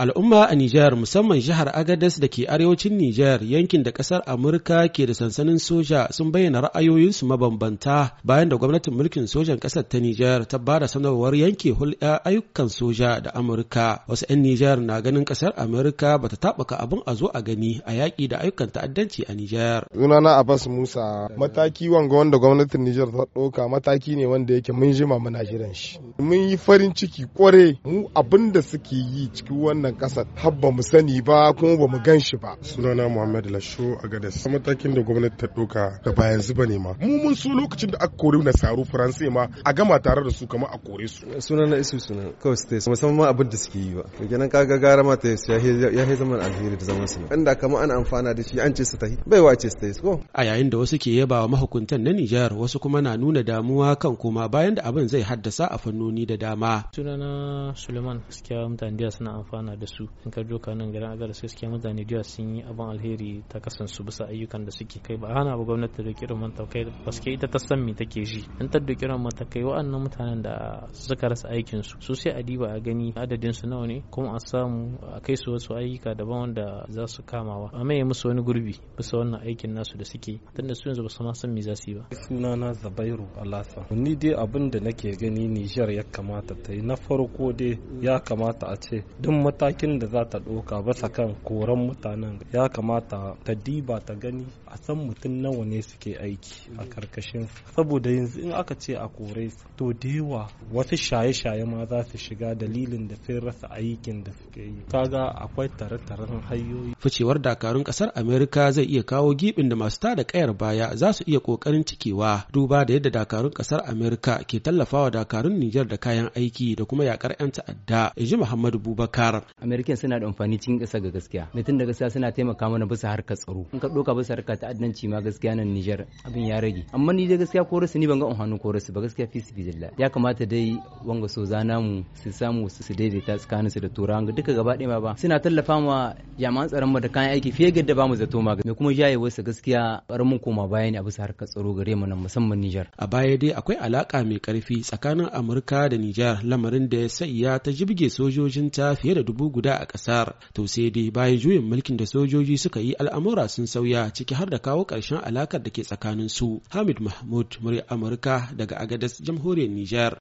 Al'umma a Nijar musamman jihar Agadez da ke arewacin Nijar yankin da ƙasar Amurka ke da sansanin soja sun bayyana ra'ayoyinsu mabambanta bayan da gwamnatin mulkin sojan kasar ta Nijar ta bada sanarwar yanke hulɗa ayyukan soja da Amurka. Wasu 'yan Nijar na ganin kasar Amurka ba bata taɓaka abun a zo a gani a yaƙi da ayyukan ta'addanci a Nijar. Sunana Abbas Musa mataki wanga wanda gwamnatin Nijar ta ɗauka mataki ne wanda yake mun jima muna jiran shi. Mun yi farin ciki kware mu abin da suke yi cikin wannan wannan kasar har ba mu sani ba kuma ba mu gan shi ba sunana muhammad lasho a gadas matakin da gwamnati ta doka da bayan zuba ne ma mu mun so lokacin da aka kore na saro faransa ma a gama tare da su kamar a kore su sunana isu sunan kawai su musamman abin da suke yi ba to kenan kaga gara mata ya yi zaman alheri da zaman su inda kamar ana amfana da shi an ce su tahi bai wace su tahi ko a yayin da wasu ke yaba wa mahukuntan na Nijar wasu kuma na nuna damuwa kan koma bayan da abin zai haddasa a fannoni da dama sunana Suleiman gaskiya mutane da suna amfana da su in ka joka nan garin agadas gaskiya mutane da sun yi abin alheri ta kasansu bisa ayyukan da suke kai ba hana ba gwamnati ta doki irin kai baske ita ta san me take ji in ta doki irin kai wa'annan mutanen da suka rasa aikin su su sai a diba a gani adadin su nawa ne kuma a samu a kai su wasu ayyuka daban wanda za su kamawa a maye musu wani gurbi bisa wannan aikin nasu da suke da su yanzu ba su ma san me za su yi ba sunana Zabairu Alasa ni dai abin da nake gani Nijar ya kamata ta yi na farko dai ya kamata a ce duk matakin da za ta ɗauka basa kan koran mutanen ya kamata ta diba ta gani a san mutum nawa ne suke aiki a mm. karkashin saboda yanzu in aka ce a kore su to da yawa wasu shaye-shaye ma za su shiga dalilin da sun rasa aikin da suke yi kaga akwai tare-taren hanyoyi ficewar dakarun kasar america zai iya kawo gibin da masu tada kayar baya za su iya kokarin cikewa duba da yadda dakarun kasar america ke tallafawa dakarun Nijar da kayan aiki da kuma yakar 'yan ta'adda yaji muhammadu bubakar american suna da amfani cikin kasa ga gaskiya mutum da gaskiya suna taimaka mana bisa harkar tsaro in ka doka bisa harkar ta'addanci ma gaskiya nan Niger abin ya rage amma ni dai gaskiya ko rasu ni ban ga on hannu ko rasu ba gaskiya fi su ya kamata dai wanga so zana mu su samu su su daidaita tsakanin su da turawan duka gaba ɗaya ba suna tallafa ma jami'an tsaron mu da kayan aiki fiye da ba mu zato ma me kuma jaye wasu gaskiya bar mun koma baya ne a bisa harkar tsaro gare mu nan musamman Niger a baya dai akwai alaka mai karfi tsakanin Amurka da Niger lamarin da ya sanya ta jibge sojojinta fiye da dubu guda a kasar to sai dai bayan juyin mulkin da sojoji suka yi al'amura sun sauya ciki har da kawo ƙarshen alakar da ke tsakanin su Hamid Mahmud murya Amurka daga Agadez jamhuriyar Nijar